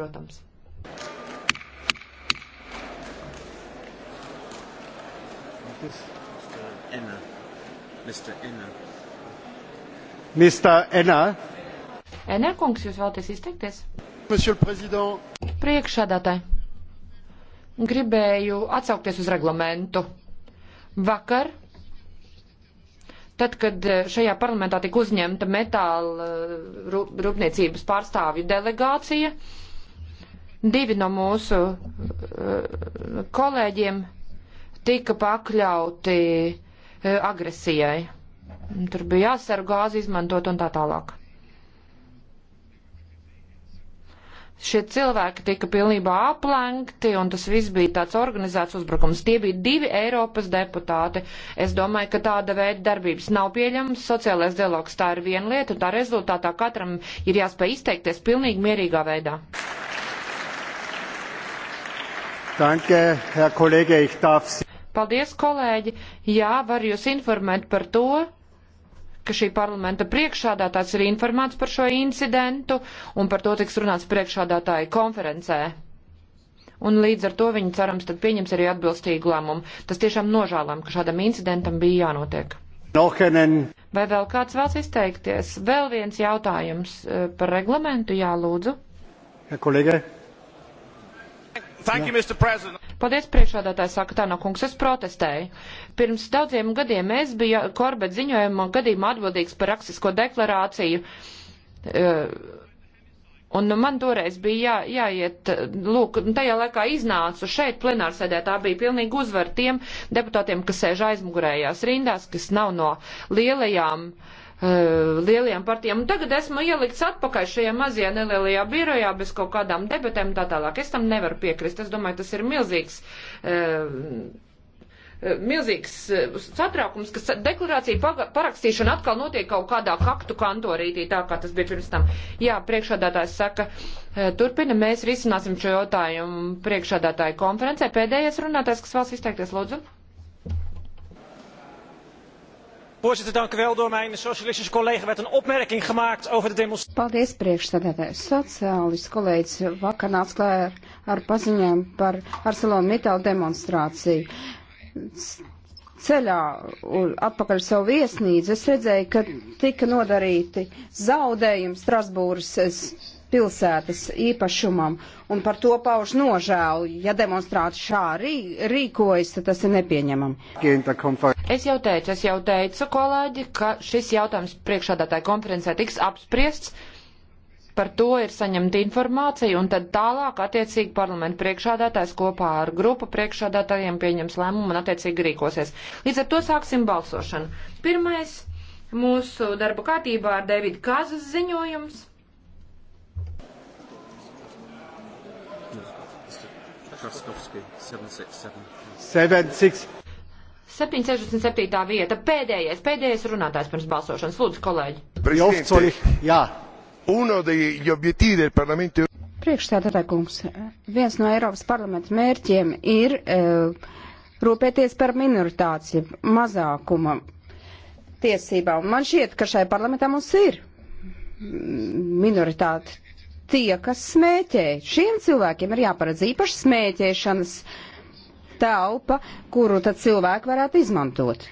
protams. Enna. Mr. Enna. Mr. Enna. Enna kungs, jūs vēlaties izteikties? Monsieur le Président. Priekšsēdētāji. Gribēju atsaukties uz reglamentu. Vakar tad, kad šajā parlamentā tika uzņemta metāla eh, rūpniecības pārstāvju delegācija, Divi no mūsu uh, kolēģiem tika pakļauti uh, agresijai. Tur bija jāsar gāzi izmantot un tā tālāk. Šie cilvēki tika pilnībā aplenkti, un tas viss bija tāds organizēts uzbrukums. Tie bija divi Eiropas deputāti. Es domāju, ka tāda veida darbības nav pieļams. Sociālais dialogs tā ir viena lieta, un tā rezultātā katram ir jāspēj izteikties pilnīgi mierīgā veidā. Danke, Herr Kollege, ich darf Sie. Paldies, kolēģi! Jā, var jūs informēt par to, ka šī parlamenta priekšādātājs ir informēts par šo incidentu un par to tiks runāts priekšādātāja konferencē. Un līdz ar to viņi cerams tad pieņems arī atbilstīgu lēmumu. Tas tiešām nožēlam, ka šādam incidentam bija jānotiek. Nohenen. Vai vēl kāds vēlas izteikties? Vēl viens jautājums eh, par reglamentu, jā, lūdzu. Ja, kolēģi. You, Paldies, priekšādātājs saka Tāna kungs, es protestēju. Pirms daudziem gadiem es biju Korbet ziņojuma gadījumā atbildīgs par rakstisko deklarāciju. E, un man toreiz bija jā, jāiet, lūk, tajā laikā iznācu šeit plenārsēdē, tā bija pilnīgi uzvar tiem deputātiem, kas sēž aizmugurējās rindās, kas nav no lielajām uh, Eh, lielajām partijām. Un tagad esmu ielikts atpakaļ šajā mazajā nelielajā birojā bez kaut kādām debatēm tā tālāk. Es tam nevaru piekrist. Es domāju, tas ir milzīgs. Uh, milzīgs eh, satraukums, ka deklarācija parakstīšana atkal notiek kaut kādā kaktu kantorītī, tā kā tas bija pirms tam. Jā, priekšādātājs saka, turpina, mēs risināsim šo jautājumu priekšādātāju konferencē. Pēdējais runātājs, kas vēlas izteikties, lūdzu. Voorzitter, door mijn socialistische collega werd een opmerking gemaakt over de demonstratie. Paldies, priekšstādātāji. Sociālists kolēģis vakar nāca klājā ar, ar paziņām par ArcelorMittal demonstrāciju. Ceļā atpakaļ savu viesnīcu es redzēju, ka tika nodarīti zaudējumi Strasbūras pilsētas īpašumam, un par to pauž nožēlu. Ja demonstrāti šā rī, rīkojas, tad tas ir nepieņemami. Es jau teicu, es jau teicu, kolēģi, ka šis jautājums priekšādātāja konferencē tiks apspriests. Par to ir saņemta informācija, un tad tālāk attiecīgi parlamenta priekšādātājs kopā ar grupu priekšādātājiem pieņems lēmumu un attiecīgi rīkosies. Līdz ar to sāksim balsošanu. Pirmais mūsu darba kārtībā ir Davida Kazas ziņojums. Traskovski, 767. 76. 767. vieta. Pēdējais, pēdējais runātājs pirms balsošanas. Lūdzu, kolēģi. Jā. Uno degli obiettivi del Parlamento Priekšstādātāj kungs, viens no Eiropas parlamenta mērķiem ir e, rūpēties par minoritāciju, mazākuma tiesībām. Man šķiet, ka šai parlamentā mums ir minoritāte tie, kas smēķē. Šiem cilvēkiem ir jāparedz īpaši smēķēšanas telpa, kuru tad cilvēki varētu izmantot.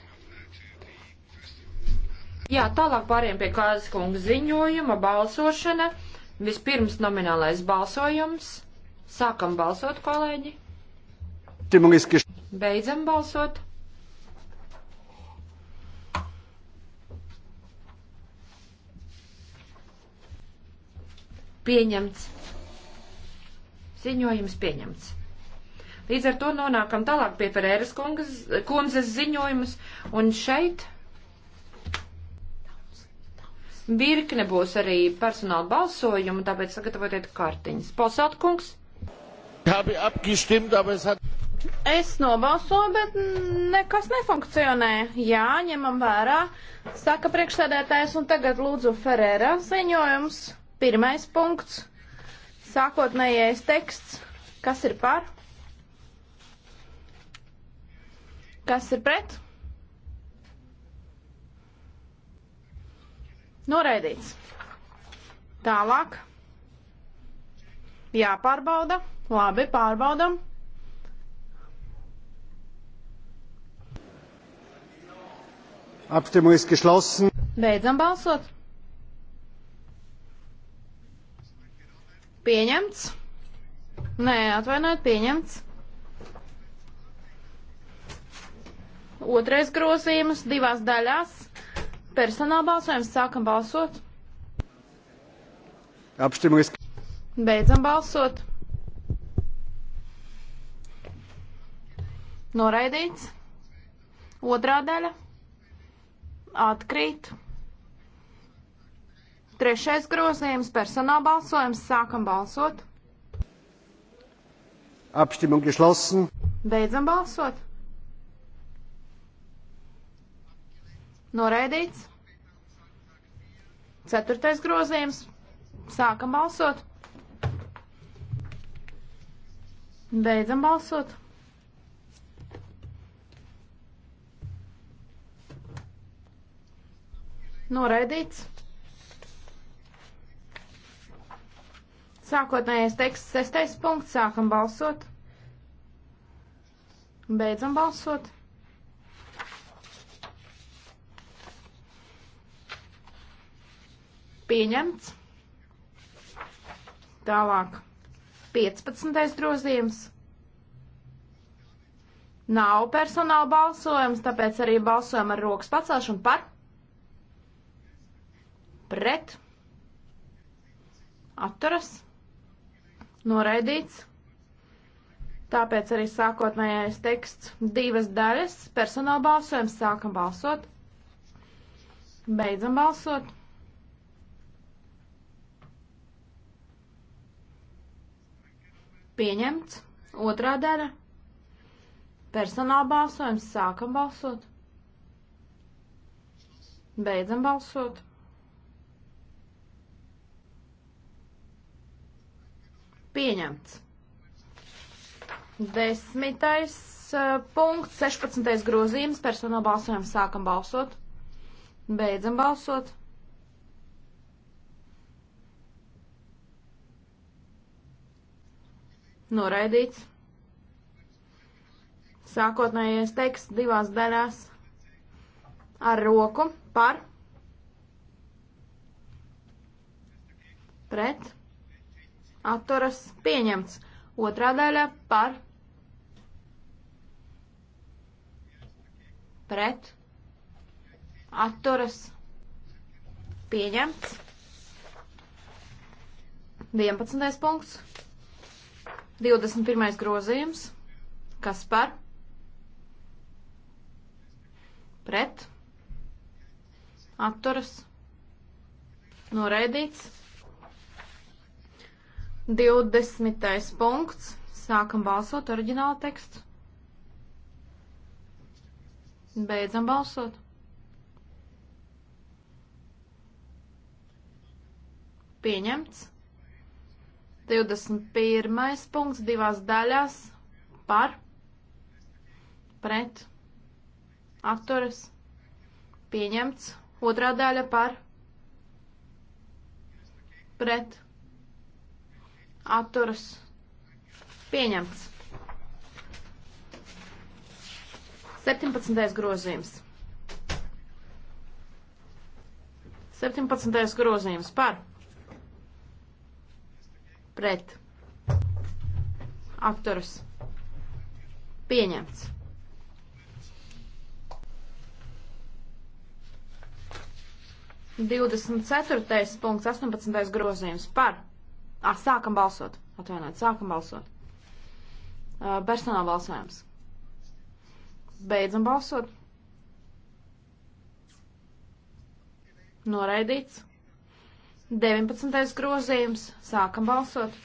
Jā, tālāk pāriem pie kādas kunga ziņojuma, balsošana. Vispirms nominālais balsojums. Sākam balsot, kolēģi. Beidzam balsot. Pieņemts. Ziņojums pieņemts. Līdz ar to nonākam tālāk pie Ferēras kundzes ziņojumus, un šeit virkne būs arī personāla balsojumu, tāpēc sagatavotiet kartiņas. Polsāt kungs. Es nobalsoju, bet nekas nefunkcionē. Jā, ņemam vērā, saka priekšsēdētājs, un tagad lūdzu Ferēra ziņojums. Pirmais punkts. Sākotnējais teksts. Kas ir par? Kas ir pret? Noraidīts. Tālāk. Jāpārbauda. Labi, pārbaudam. Abstimmung ist geschlossen. Beidzam balsot. Pieņemts. Nē, atvainojiet, pieņemts. Otrais grozījums divās daļās. Personāla balsojums sākam balsot. Apstimulis. Beidzam balsot. Noraidīts. Otrā daļa. Atkrīt. Trešais grozījums - personāla balsojums. Sākam balsot. Abstimmung geschlossen. Beidzam balsot. Noraidīts. Ceturtais grozījums. Sākam balsot. Beidzam balsot. Noraidīts. Sākotnējais teksts, sestais punkts, sākam balsot. Beidzam balsot. Pieņemts. Tālāk. 15. grozījums. Nav personāla balsojums, tāpēc arī balsojam ar rokas pacelšanu par. Pret. Atturas noraidīts. Tāpēc arī sākotnējais teksts divas daļas - personāla balsojums, sākam balsot, beidzam balsot. Pieņemts. Otrā daļa - personāla balsojums, sākam balsot, beidzam balsot. Pieņemts. Desmitais uh, punkts, 16. grozījums, personāla balsojam, sākam balsot, beidzam balsot. Noraidīts. Sākotnējais teksts divās daļās ar roku par pret atturas pieņemts. Otrā daļa par pret atturas pieņemts. 11. punkts. 21. grozījums. Kas par? Pret. Atturas. Noraidīts. 20. punkts. Sākam balsot, oriģināla teksts. Beidzam balsot. Pieņemts. 21. punkts divās daļās par, pret, atturas, pieņemts. Otrā daļa par, pret, atturas atturas pieņemts. 17. grozījums. 17. grozījums par pret atturas pieņemts. Divdesmit ceturtais punkts, astoņpadsmitais grozījums par Ah, sākam balsot. Atvainojiet, sākam balsot. Uh, personāla balsojums. Beidzam balsot. Noraidīts. 19. grozījums. Sākam balsot.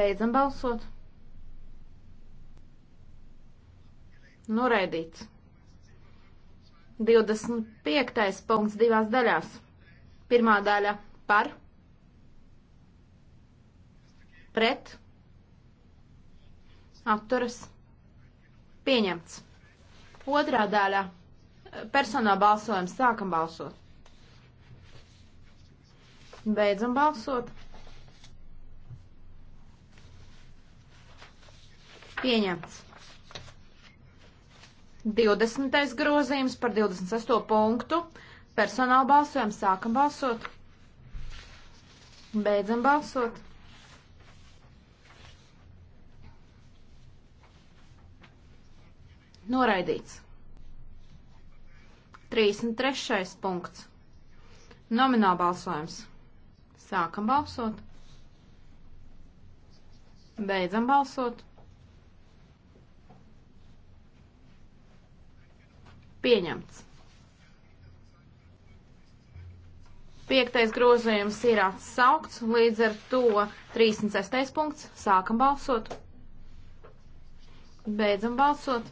Beidzam balsot. Noraidīts. 25. punkts divās daļās. Pirmā daļa par, pret, apturas, pieņemts. Otrā daļa personā balsojums, sākam balsot. Beidzam balsot. Pieņemts. 20. grozījums par 28 punktu. Personāli balsojam, sākam balsot, beidzam balsot. Noraidīts. 33. punkts. Nomināli balsojums. Sākam balsot. Beidzam balsot. Pieņemts. Piektais grozījums ir atsaukts, līdz ar to 36. punkts. Sākam balsot. Beidzam balsot.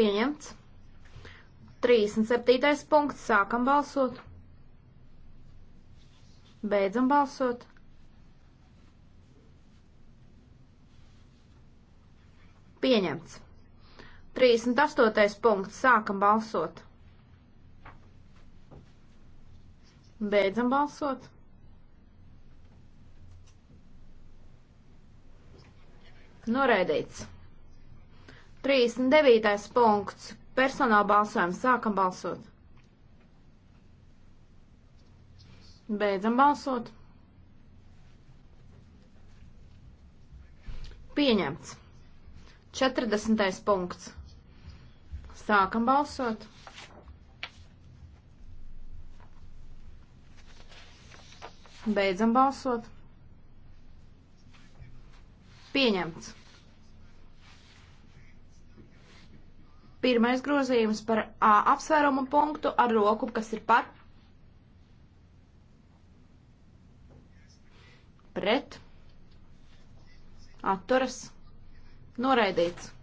Pieņemts. 37. punkts. Sākam balsot. Beidzam balsot. Pieņemts. 38. punkts. Sākam balsot. Beidzam balsot. Noraidīts. 39. punkts. Personāla balsojums. Sākam balsot. Beidzam balsot. Pieņemts. 40. punkts. Sākam balsot. Beidzam balsot. Pieņemts. Pirmais grozījums par A apsvērumu punktu ar roku, kas ir par. Pret. Atturas. Noraidīts.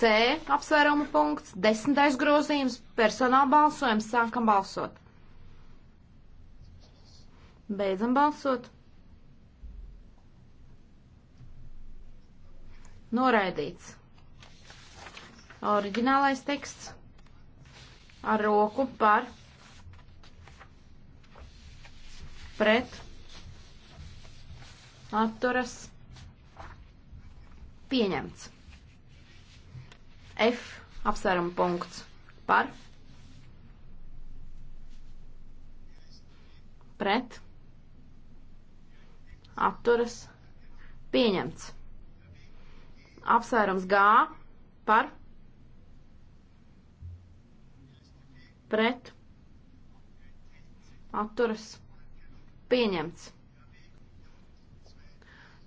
C apsvēruma punkts, desmitais grozījums, personāla balsojums, sākam balsot. Beidzam balsot. Noraidīts. Oriģinālais teksts ar roku par pret atturas pieņemts. F apsvērumu punkts par pret atturas pieņemts. Apsvērums G par pret atturas pieņemts.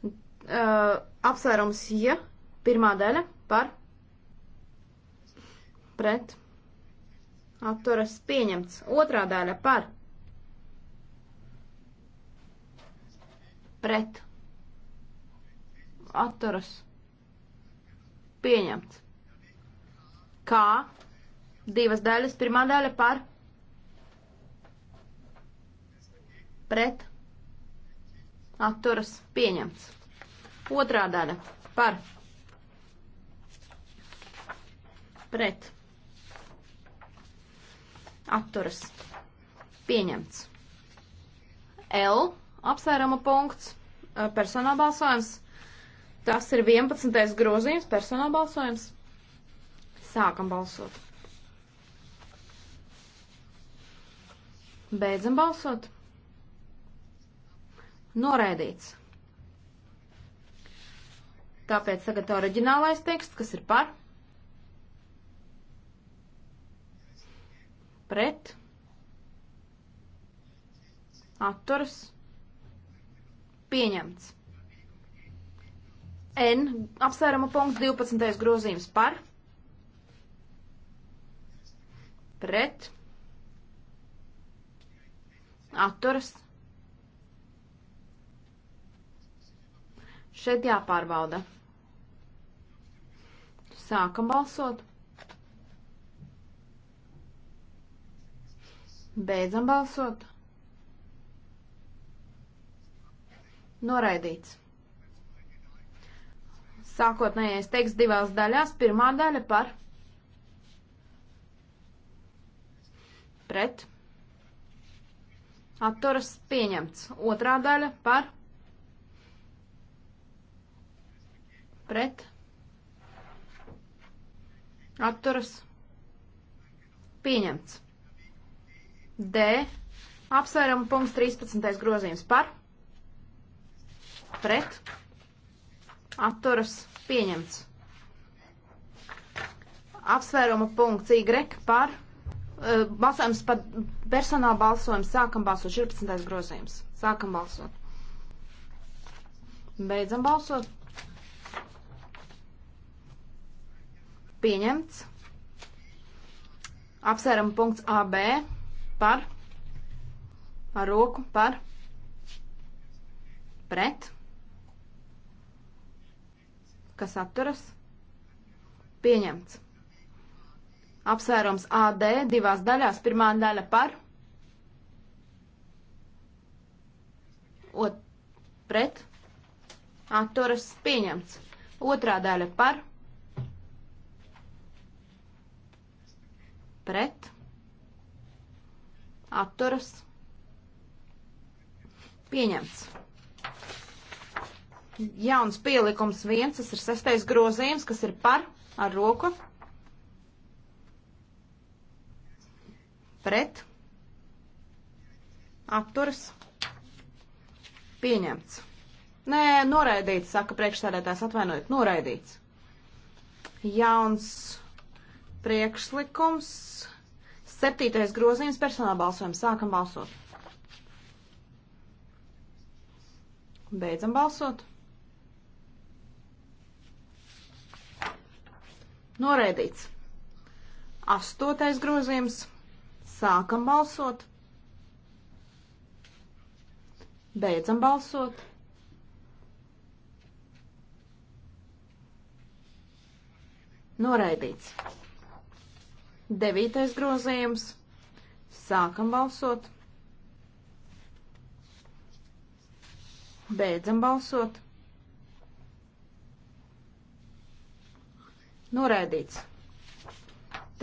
Uh, apsvērums ja pirmā daļa par pret pret atturas pieņemts. Otrā daļa par pret atturas pieņemts. Kā divas daļas, pirmā daļa par pret atturas pieņemts. Otrā daļa par pret atturas pieņemts. L apsvērama punkts personāla balsojums. Tas ir 11. grozījums personāla balsojums. Sākam balsot. Beidzam balsot. Noraidīts. Tāpēc tagad oriģinālais teksts, kas ir par pret, atturas, pieņemts. N apsvērama punkts 12. grozījums par, pret, atturas. Šeit jāpārbauda. Sākam balsot. Beidzam balsot. Noraidīts. Sākotnējais teksts divās daļās. Pirmā daļa par pret atturas pieņemts. Otrā daļa par pret atturas pieņemts. D. Apsvērumu punkts 13. grozījums par, pret, apturas pieņemts. Apsvēruma punkts Y par, uh, balsojums par personāla balsojumu, sākam balsot 14. grozījums. Sākam balsot. Beidzam balsot. Pieņemts. Apsvērumu punkts AB par, ar roku par, pret, kas atturas, pieņemts. Apsvērums AD divās daļās, pirmā daļa par, ot, pret, atturas, pieņemts. Otrā daļa par, pret, atturas pieņemts. Jauns pielikums viens, tas ir sestais grozījums, kas ir par ar roku. Pret. Atturas. Pieņemts. Nē, noraidīts, saka priekšsēdētājs, atvainojiet, noraidīts. Jauns priekšlikums Septītais grozījums personāla balsojums. Sākam balsot. Beidzam balsot. Noreidīts. Astotais grozījums. Sākam balsot. Beidzam balsot. Noraidīts. Devītais grozījums. Sākam balsot. Beidzam balsot. Noraidīts.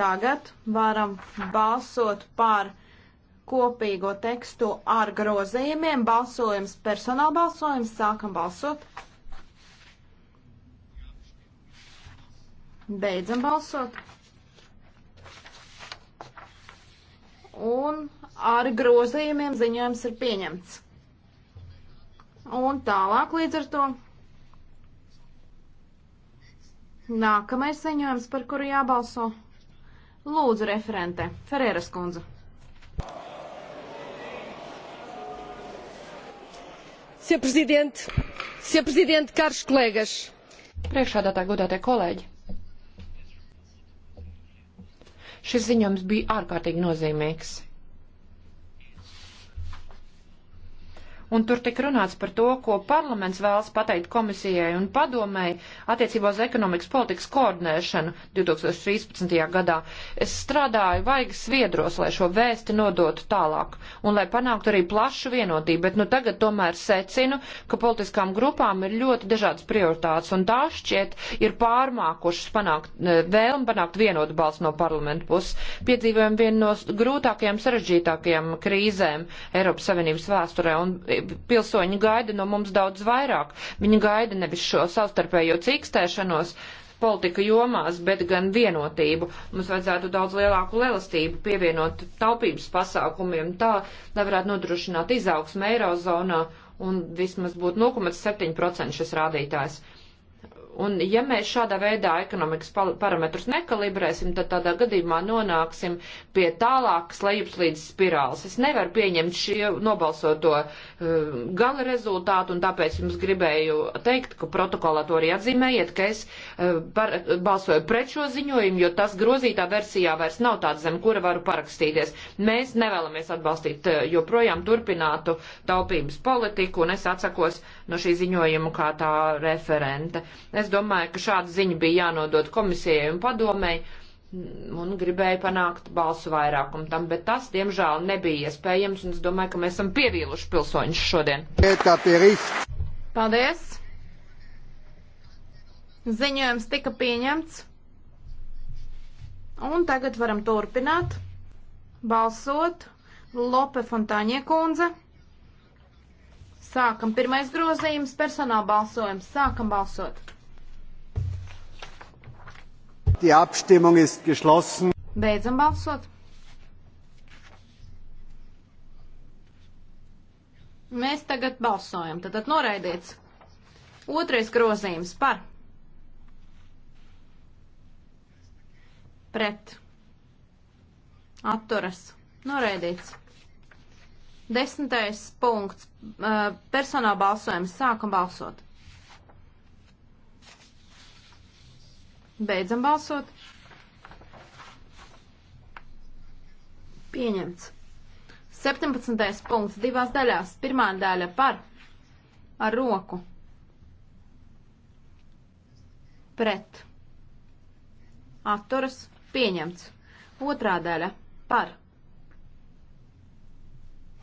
Tagad varam balsot par kopīgo tekstu ar grozījumiem. Balsojums, personāla balsojums, sākam balsot. Beidzam balsot. un ar grozījumiem ziņojums ir pieņemts. Un tālāk līdz ar to nākamais ziņojums, par kuru jābalso. Lūdzu, referente, Ferēras kundze. Sr. Prezident, Sr. Prezident, karš kolēgas. Priekšādā tā godātie kolēģi. Šis ziņojums bija ārkārtīgi nozīmīgs. un tur tik runāts par to, ko parlaments vēlas pateikt komisijai un padomēji attiecībā uz ekonomikas politikas koordinēšanu 2013. gadā. Es strādāju vaigi sviedros, lai šo vēsti nodotu tālāk un lai panāktu arī plašu vienotību, bet nu tagad tomēr secinu, ka politiskām grupām ir ļoti dažādas prioritātes un tā šķiet ir pārmākušas panākt, e, vēlmi panākt vienotu balsu no parlamenta puses. Piedzīvojam vienu no grūtākajām, sarežģītākajām krīzēm Eiropas Savienības vēsturē un pilsoņi gaida no mums daudz vairāk. Viņi gaida nevis šo savstarpējo cīkstēšanos politika jomās, bet gan vienotību. Mums vajadzētu daudz lielāku elastību pievienot taupības pasākumiem tā, lai varētu nodrošināt izaugsmu Eirozonā un vismaz būtu 0,7% šis rādītājs. Un ja mēs šādā veidā ekonomikas parametrus nekalibrēsim, tad tādā gadījumā nonāksim pie tālākas lejupslīdes spirāles. Es nevaru pieņemt šī nobalsoto uh, gala rezultātu, un tāpēc jums gribēju teikt, ka protokolā to arī atzīmējiet, ka es uh, par, balsoju pret šo ziņojumu, jo tas grozītā versijā vairs nav tāds, zem kura varu parakstīties. Mēs nevēlamies atbalstīt uh, joprojām turpinātu taupības politiku, un es atsakos no šī ziņojuma kā tā referente. Es domāju, ka šāda ziņa bija jānodod komisijai un padomēji un gribēju panākt balsu vairākumu tam, bet tas, diemžēl, nebija iespējams, un es domāju, ka mēs esam pievīluši pilsoņus šodien. Paldies! Ziņojums tika pieņemts. Un tagad varam turpināt balsot. Lope Fontāņie kundze. Sākam pirmais grozījums, personāla balsojums. Sākam balsot. Die Abstimmung ist geschlossen. Beidzam balsot. Mēs tagad balsojam. Tad noraidīts. Otrais grozījums par. Pret. Atturas. Noraidīts. Desmitais punkts. Personāla balsojums. Sākam balsot. Beidzam balsot. Pieņemts. 17. punkts divās daļās. Pirmā daļa par ar roku. Pret. Atturas. Pieņemts. Otrā daļa par.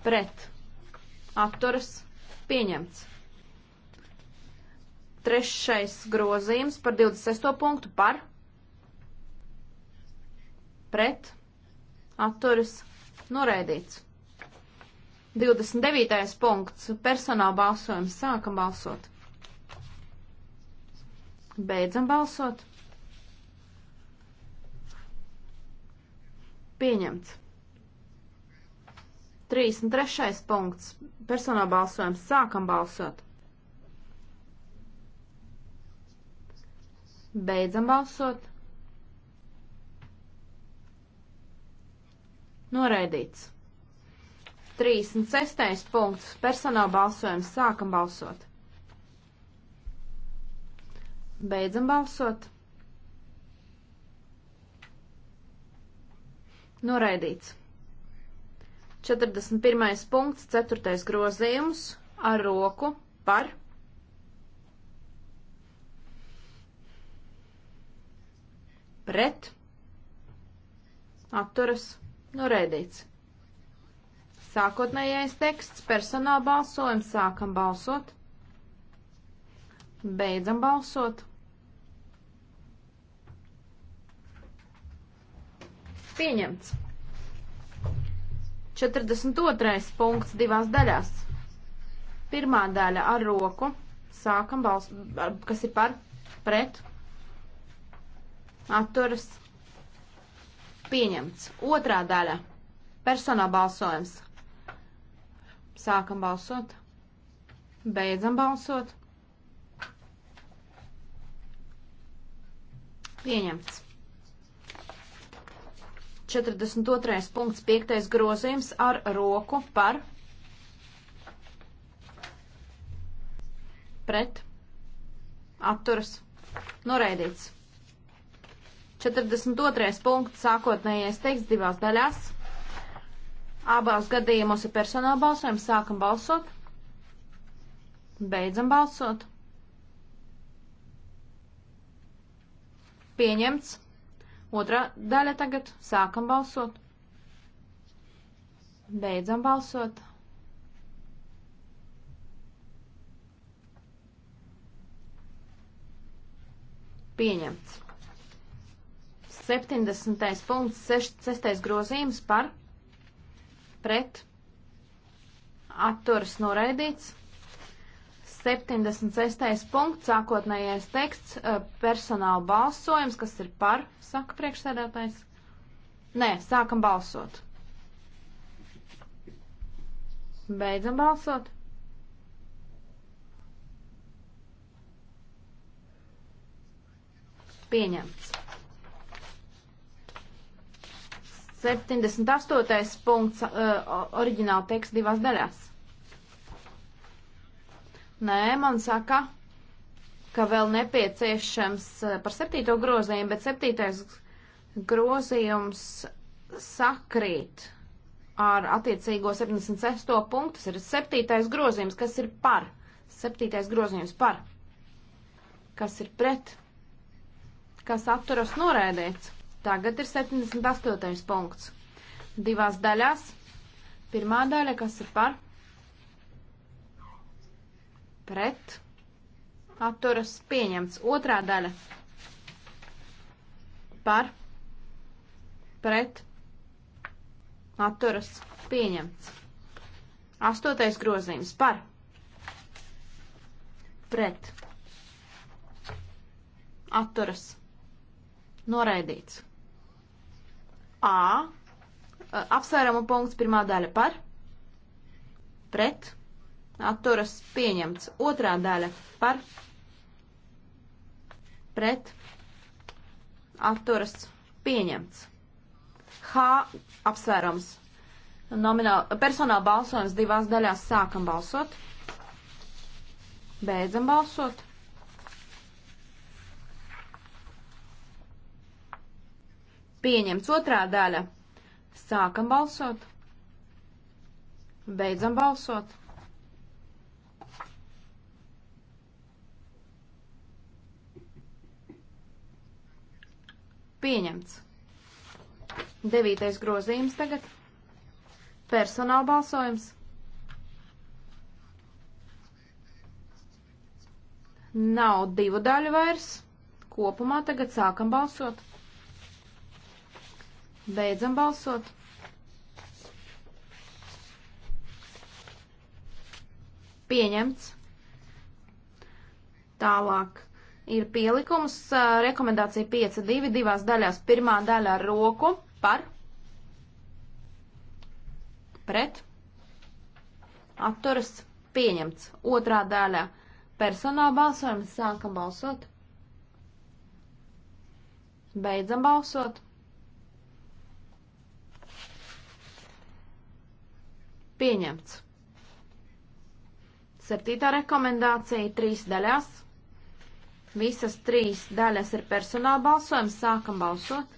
Pret. Atturas. Pieņemts. Trešais grozījums par 26. punktu par pret atturas noraidīts. 29. punkts personāla balsojums. Sākam balsot. Beidzam balsot. Pieņemts. 33. punkts personāla balsojums. Sākam balsot. Beidzam balsot. Noraidīts. 36. punkts. Personāla balsojums. Sākam balsot. Beidzam balsot. Noraidīts. 41. punkts, 4. grozījums ar roku par pret, atturas, noraidīts. Sākotnējais teksts, personāla balsojums, sākam balsot, beidzam balsot. Pieņemts. 42. punkts divās daļās. Pirmā daļa ar roku, sākam balsot, kas ir par, pret, atturas pieņemts. Otrā daļa - personā balsojums. Sākam balsot, beidzam balsot. Pieņemts. 42. punkts 5. grozījums ar roku par pret atturas noraidīts. 42. punkts, sākotnējais teksts divās daļās. Abās gadījumos ir personāla balsojums. Sākam balsot. Beidzam balsot. Pieņemts. Otra daļa tagad. Sākam balsot. Beidzam balsot. Pieņemts. 70. punkts, 6. grozījums par pret atturas noraidīts. 76. punkts, sākotnējais teksts, eh, personāla balsojums, kas ir par, saka priekšsēdētājs. Nē, sākam balsot. Beidzam balsot. Pieņemts. 78. punkts, uh, oriģināla teksts divās daļās. Nē, man saka, ka vēl nepieciešams uh, par septīto grozījumu, bet septītais grozījums sakrīt ar attiecīgo 76. punktu. Tas ir septītais grozījums, kas ir par. Septītais grozījums par. Kas ir pret. Kas atturas norēdīts. Tagad ir 78. punkts. Divās daļās. Pirmā daļa, kas ir par? Pret. Atturas pieņemts. Otrā daļa. Par. Pret. Atturas pieņemts. Astotais grozījums par. Pret. Atturas. Noraidīts. A. E, apsvērumu punkts pirmā daļa par, pret, atturas pieņemts. Otrā daļa par, pret, atturas pieņemts. H. Apsvērums. Nomināli, personāla balsojums divās daļās sākam balsot. Beidzam balsot. Pieņemts otrā daļa. Sākam balsot. Beidzam balsot. Pieņemts. Devītais grozījums tagad. Personāla balsojums. Nav divu daļu vairs. Kopumā tagad sākam balsot. Beidzam balsot. Pieņemts. Tālāk ir pielikums rekomendācija 5.2. divās daļās. Pirmā daļa ar roku par, pret, atturas pieņemts. Otrā daļa personāla balsojums. Sākam balsot. Beidzam balsot. Pieņemts. Septītā rekomendācija trīs daļās. Visas trīs daļas ir personāla balsojums. Sākam balsot.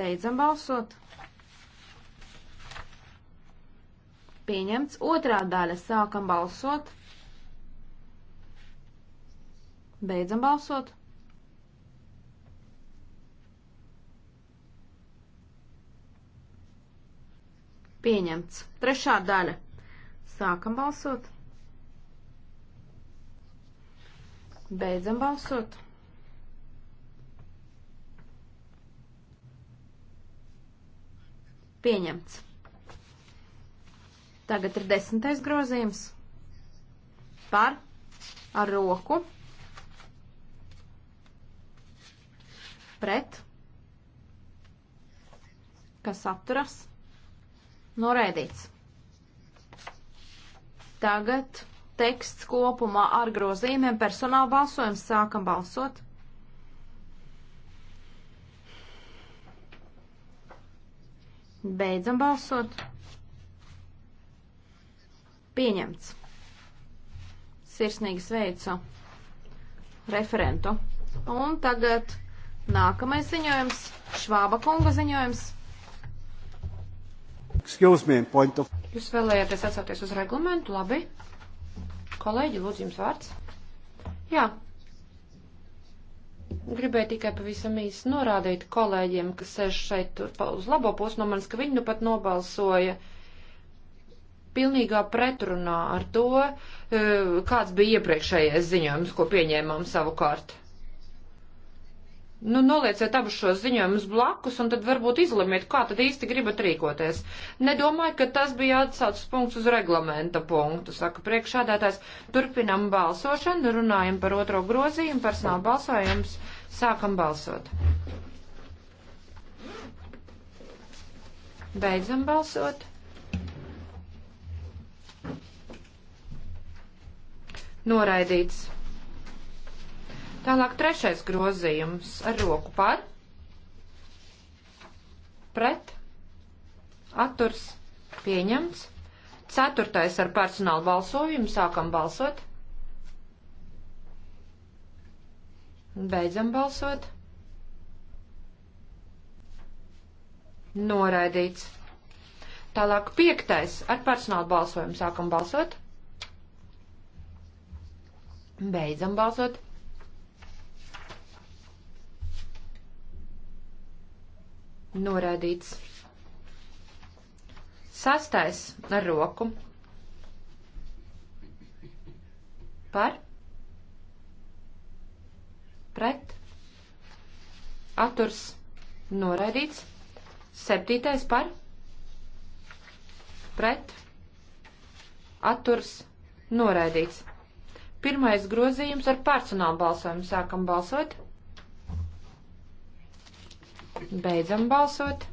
Beidzam balsot. Pieņemts. Otrā daļa. Sākam balsot. Beidzam balsot. Pieņemts. Trešā daļa. Sākam balsot. Beidzam balsot. Pieņemts. Tagad ir desmitais grozījums. Par ar roku. Pret. Kas atturas? Noraidīts. Tagad teksts kopumā ar grozījumiem personāla balsojums. Sākam balsot. Beidzam balsot. Pieņemts. Sirsnīgi sveicu referentu. Un tagad nākamais ziņojums, Švāba kunga ziņojums. Excuse me, point of. Jūs vēlējāties atsauties uz reglamentu, labi? Kolēģi, lūdzu, jums vārds. Jā. Gribēju tikai pavisam īsi norādīt kolēģiem, kas sēž šeit uz labo pusi no manis, ka viņi nu pat nobalsoja pilnīgā pretrunā ar to, eh, kāds bija iepriekšējais ziņojums, ko pieņēmām savukārt. Nu, nolieciet abus šos ziņojumus blakus un tad varbūt izlemiet, kā tad īsti gribat rīkoties. Nedomāju, ka tas bija atsaucis punkts uz reglamenta punktu, saka priekšādātājs. Turpinam balsošanu, runājam par otro grozījumu, personāla balsojums, sākam balsot. Beidzam balsot. Noraidīts. Tālāk trešais grozījums ar roku par, pret, atturs, pieņemts. Ceturtais ar personālu balsojumu sākam balsot. Beidzam balsot. Noraidīts. Tālāk piektais ar personālu balsojumu sākam balsot. Beidzam balsot. Noraidīts. Sastais ar roku. Par. Pret. Aturs. Noraidīts. Septītais par. Pret. Aturs. Noraidīts. Pirmais grozījums ar personālu balsojumu sākam balsot. Beidzam balsot.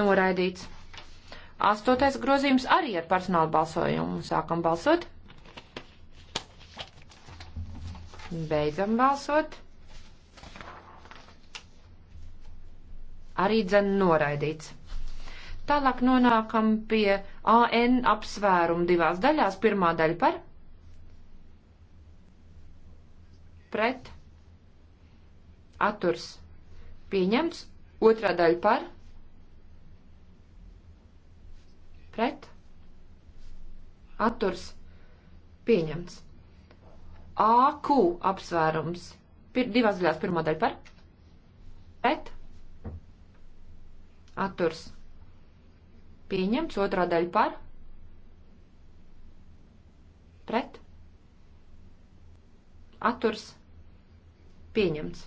Noraidīts. Astotais grozījums arī ar personālu balsojumu. Sākam balsot. Beidzam balsot. Arī dzen noraidīts. Tālāk nonākam pie AN apsvērumu divās daļās. Pirmā daļa par. Pret atturs pieņemts, otrā daļa par, pret, atturs pieņemts. AQ apsvērums, Pir, divās daļās, pirmā daļa par, pret, atturs pieņemts, otrā daļa par, pret, atturs pieņemts.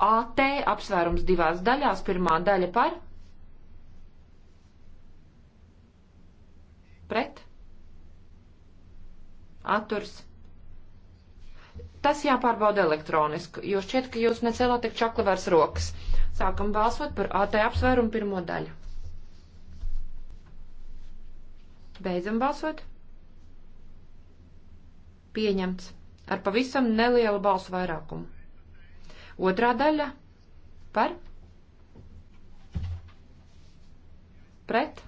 AT apsvērums divās daļās. Pirmā daļa par. Pret. Atturs. Tas jāpārbauda elektroniski, jo šķiet, ka jūs necēlāt tik čakli vairs rokas. Sākam balsot par AT apsvērumu pirmo daļu. Beidzam balsot. Pieņemts. Ar pavisam nelielu balsu vairākumu. Otrā daļa par pret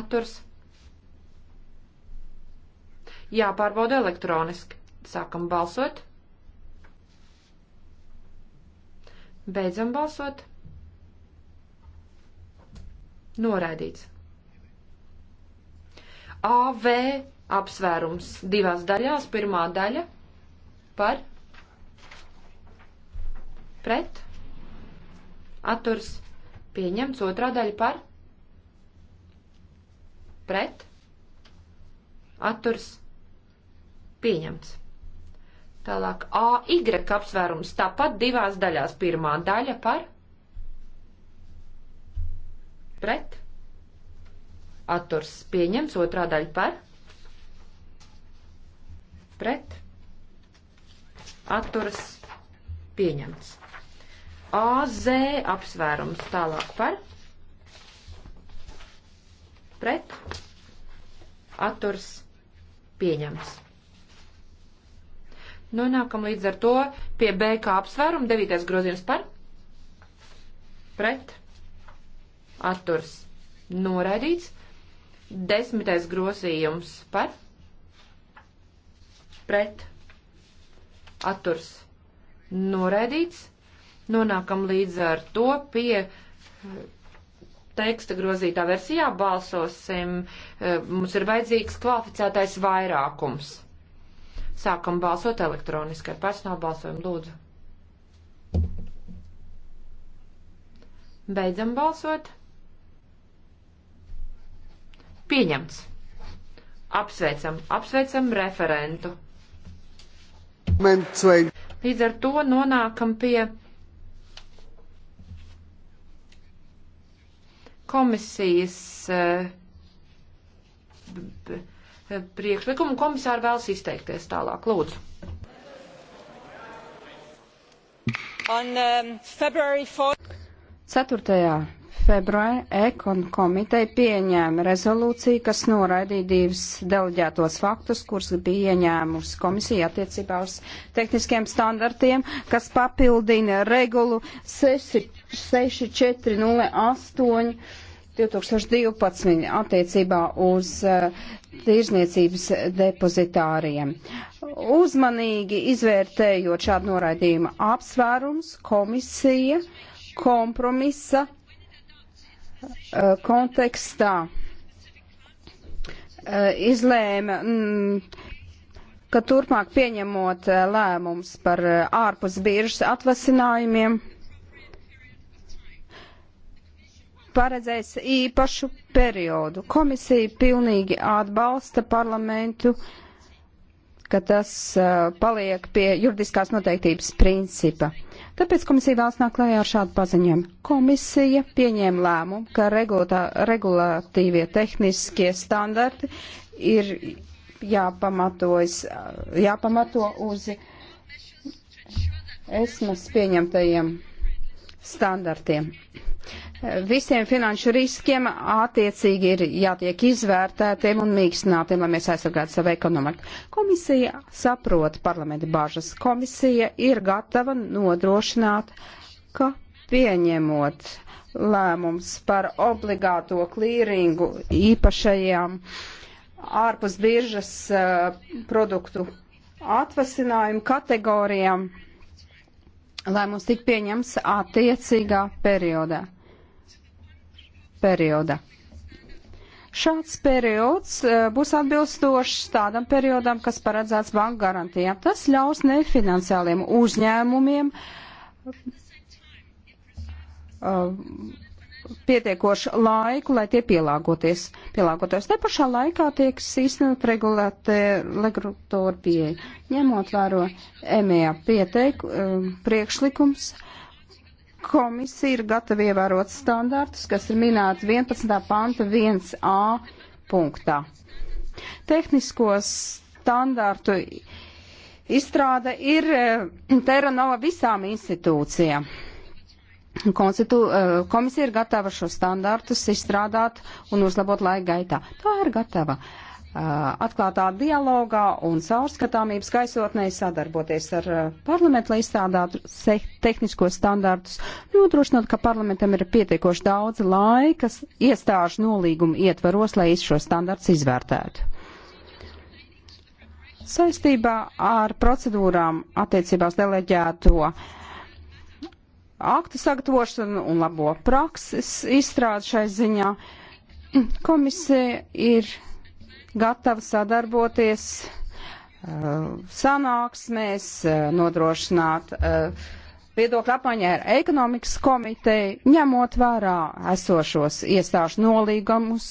atturs. Jāpārbauda elektroniski. Sākam balsot. Beidzam balsot. Noraidīts. AV apsvērums divās daļās. Pirmā daļa par pret pret, atturs pieņemts, otrā daļa par, pret, atturs pieņemts. Tālāk A, Y apsvērums tāpat divās daļās. Pirmā daļa par, pret, atturs pieņemts, otrā daļa par, pret, atturs pieņemts. AZ apsvērums tālāk par pret atturs pieņems. Nonākam līdz ar to pie BK apsvērumu, devītais grozījums par pret atturs noraidīts, desmitais grozījums par pret atturs noraidīts. Nonākam līdz ar to pie eh, teksta grozītā versijā balsosim. Eh, mums ir vajadzīgs kvalificētais vairākums. Sākam balsot elektroniskai personāla balsojumu lūdzu. Beidzam balsot. Pieņemts. Apsveicam, apsveicam referentu. Līdz ar to nonākam pie komisijas eh, priekšlikumu. Komisāri vēlas izteikties tālāk. Lūdzu. On, um, 4. februārī Ekon komiteja pieņēma rezolūciju, kas noraidīja divus deleģētos faktus, kurus bija ieņēmusi komisija attiecībā uz tehniskiem standartiem, kas papildina regulu 6408 2012 attiecībā uz eh, tirzniecības depozitāriem. Uzmanīgi izvērtējot šādu noraidījumu apsvērums, komisija kompromisa eh, kontekstā eh, izlēma, mm, ka turpmāk pieņemot lēmums par ārpus biržas atvasinājumiem, paredzējis īpašu periodu. Komisija pilnīgi atbalsta parlamentu, ka tas uh, paliek pie juridiskās noteiktības principa. Tāpēc komisija vēlas nāk klajā ar šādu paziņojumu. Komisija pieņēma lēmumu, ka regulatā, regulatīvie tehniskie standarti ir jāpamatojas, uh, jāpamato uz esmas pieņemtajiem standartiem. Visiem finanšu riskiem attiecīgi ir jātiek izvērtētiem un mīkstinātiem, lai mēs aizsargātu savu ekonomiku. Komisija saprot parlamenta bažas. Komisija ir gatava nodrošināt, ka pieņemot lēmums par obligāto klīringu īpašajām ārpus biržas uh, produktu atvasinājumu kategorijām, lēmums tik pieņems attiecīgā periodā perioda. Šāds periods e, būs atbilstošs tādam periodam, kas paredzēts banku garantijām. Tas ļaus nefinanciāliem uzņēmumiem e, pietiekošu laiku, lai tie pielāgoties. pielāgoties. Te pašā laikā tiek īstenot regulātori pieeja, ņemot vēro EMEA pieteiku, e, priekšlikums Komisija ir gatava ievērot standartus, kas ir minēti 11. panta 1a punktā. Tehnisko standartu izstrāde ir eh, Teranova visām institūcijām. Konstitu, eh, komisija ir gatava šo standartus izstrādāt un uzlabot laika gaitā. Tā ir gatava. Uh, atklātā dialogā un caurskatāmības gaisotnē sadarboties ar parlamentu, lai izstrādātu tehniskos standartus, nodrošinot, ka parlamentam ir pietiekoši daudz laika iestāžu nolīgumu ietvaros, lai šo standartus izvērtētu. Saistībā ar procedūrām attiecībās deleģēto aktu sagatavošanu un labo prakses izstrādi šai ziņā komisija ir gatava sadarboties eh, sanāksmēs, eh, nodrošināt eh, viedokļu apmaiņā ar ekonomikas komiteju, ņemot vērā esošos iestāžu nolīgumus,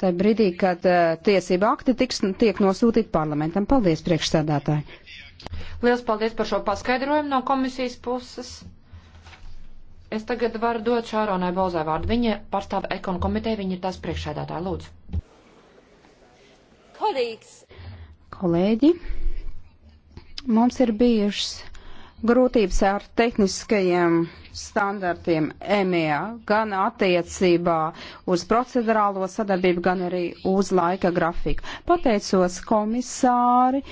tai brīdī, kad tiesība akti tiks, tiek nosūtīti parlamentam. Paldies, priekšsēdētāji! Lielas paldies par šo paskaidrojumu no komisijas puses. Es tagad varu dot Šāronai Bolzai vārdu. Viņa pārstāv ekonu komiteju, viņa ir tās priekšsēdētāja. Lūdzu. Kolēģi, mums ir bijušas grūtības ar tehniskajiem standartiem EMEA, gan attiecībā uz procedurālo sadarbību, gan arī uz laika grafiku. Pateicos komisāri,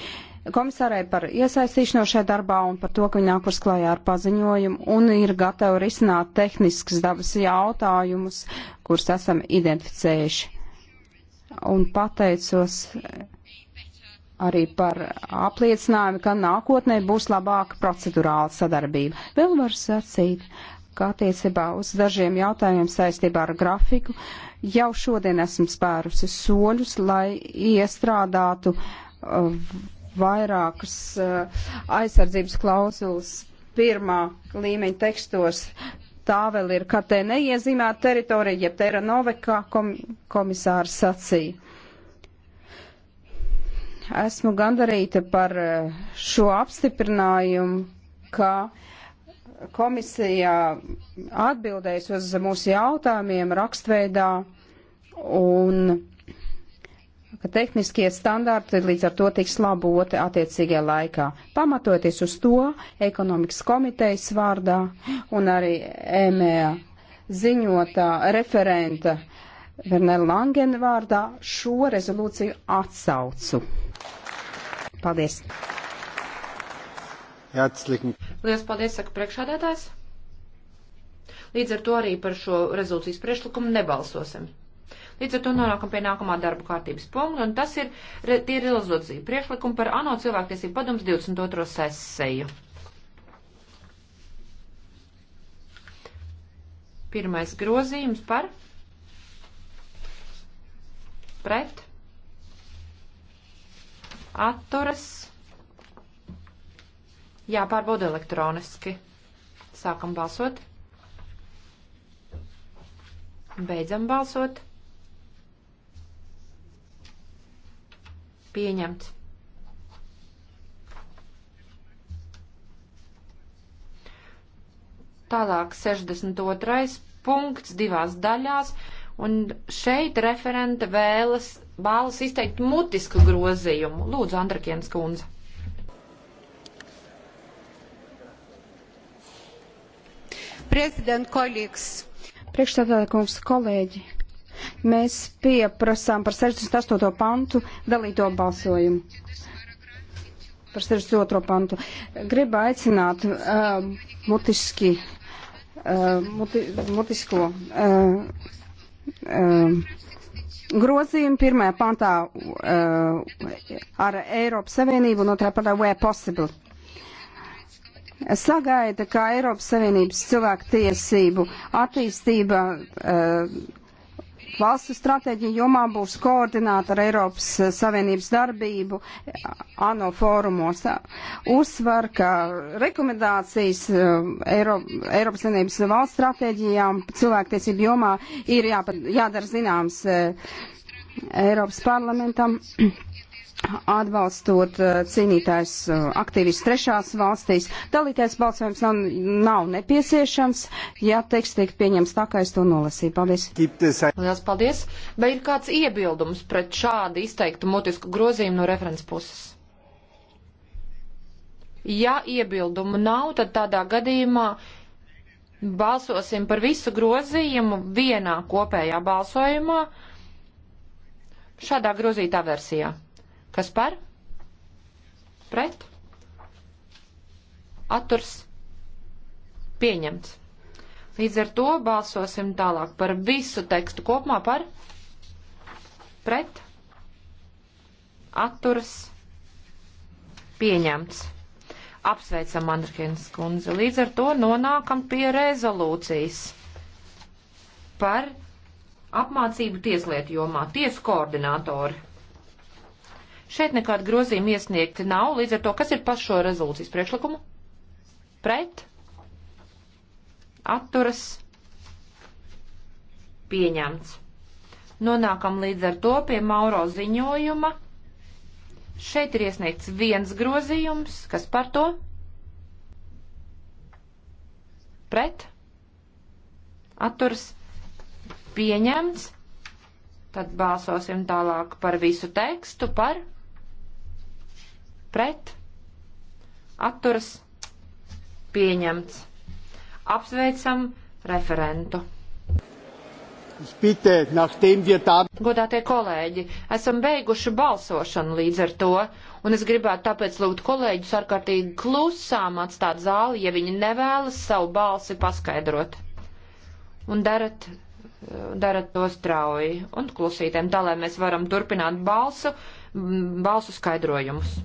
komisārai par iesaistīšanos šajā darbā un par to, ka viņa nāk uz klājā ar paziņojumu un ir gatava risināt tehniskas dabas jautājumus, kurus esam identificējuši un pateicos arī par apliecinājumu, ka nākotnē būs labāka procedurāla sadarbība. Vēl var sacīt, ka attiecībā uz dažiem jautājumiem saistībā ar grafiku jau šodien esmu spērusi soļus, lai iestrādātu uh, vairākas uh, aizsardzības klauzulas pirmā līmeņa tekstos tā vēl ir kā te neiezīmēta teritorija, jeb Tera Noveka kom komisārs sacīja. Esmu gandarīta par eh, šo apstiprinājumu, ka komisija atbildēs uz mūsu jautājumiem rakstveidā un ka tehniskie standarti līdz ar to tiks laboti attiecīgajā laikā. Pamatoties uz to, ekonomikas komitejas vārdā un arī EMEA ziņotā referenta Vernela Langena vārdā šo rezolūciju atsaucu. Paldies! Jāatslikmi. Lielas paldies, saka priekšādātājs. Līdz ar to arī par šo rezolūcijas priekšlikumu nebalsosim. Līdz ar to nonākam pie nākamā darba kārtības punkta, un tas ir, tie ir realizācija priekšlikumi par ANO cilvēktiesību padoms 22. sesiju. Pirmais grozījums par pret atturas jāpārbauda elektroniski. Sākam balsot. Beidzam balsot. Pieņemts. Tālāk 62. punkts divās daļās, un šeit referente vēlas, vēlas izteikt mutisku grozījumu. Lūdzu, Andrakienas kundze. Prezident kolīgs. Priekšstādātājs kolēģi, mēs pieprasām par 68. pantu dalīto balsojumu. Par 62. pantu. Gribu aicināt uh, mutiski, uh, muti, mutisko uh, uh, grozījumu pirmajā pantā uh, ar Eiropas Savienību un otrajā pantā where possible sagaida, ka Eiropas Savienības cilvēku tiesību attīstība uh, valstu stratēģija jomā būs koordināta ar Eiropas eh, Savienības darbību eh, ANO fórumos. Uzsver, ka rekomendācijas eh, Eiro, Eiropas Savienības valsts stratēģijām cilvēktiesību jomā ir jā, jādara zināms Eiropas parlamentam. atbalstot eh, cīnītājs eh, aktīvis trešās valstīs. Dalītais balsojums nav, nav nepieciešams, ja teksts tiek pieņems tā, kā es to nolasīju. Paldies. Lielas paldies. Vai ir kāds iebildums pret šādu izteiktu mutisku grozījumu no referents puses? Ja iebildumu nav, tad tādā gadījumā balsosim par visu grozījumu vienā kopējā balsojumā šādā grozītā versijā. Kas par? Pret? Atturs? Pieņemts. Līdz ar to balsosim tālāk par visu tekstu kopumā par? Pret? Atturs? Pieņemts. Apsveicam Andrkēnas kundzi. Līdz ar to nonākam pie rezolūcijas par apmācību tieslietu jomā, tiesu koordinātori. Šeit nekāda grozījuma iesniegti nav, līdz ar to, kas ir par šo rezolūcijas priekšlikumu? Pret? Atturas? Pieņemts. Nonākam līdz ar to pie Mauro ziņojuma. Šeit ir iesniegts viens grozījums. Kas par to? Pret? Atturas? Pieņemts. Tad balsosim tālāk par visu tekstu, par pret, atturas, pieņemts. Apsveicam referentu. Bitte, Godātie kolēģi, esam beiguši balsošanu līdz ar to, un es gribētu tāpēc lūgt kolēģus ārkārtīgi klusām atstāt zāli, ja viņi nevēlas savu balsi paskaidrot. Un darat, darat to strauji un klusītēm, tā lai mēs varam turpināt balsu, balsu skaidrojumus.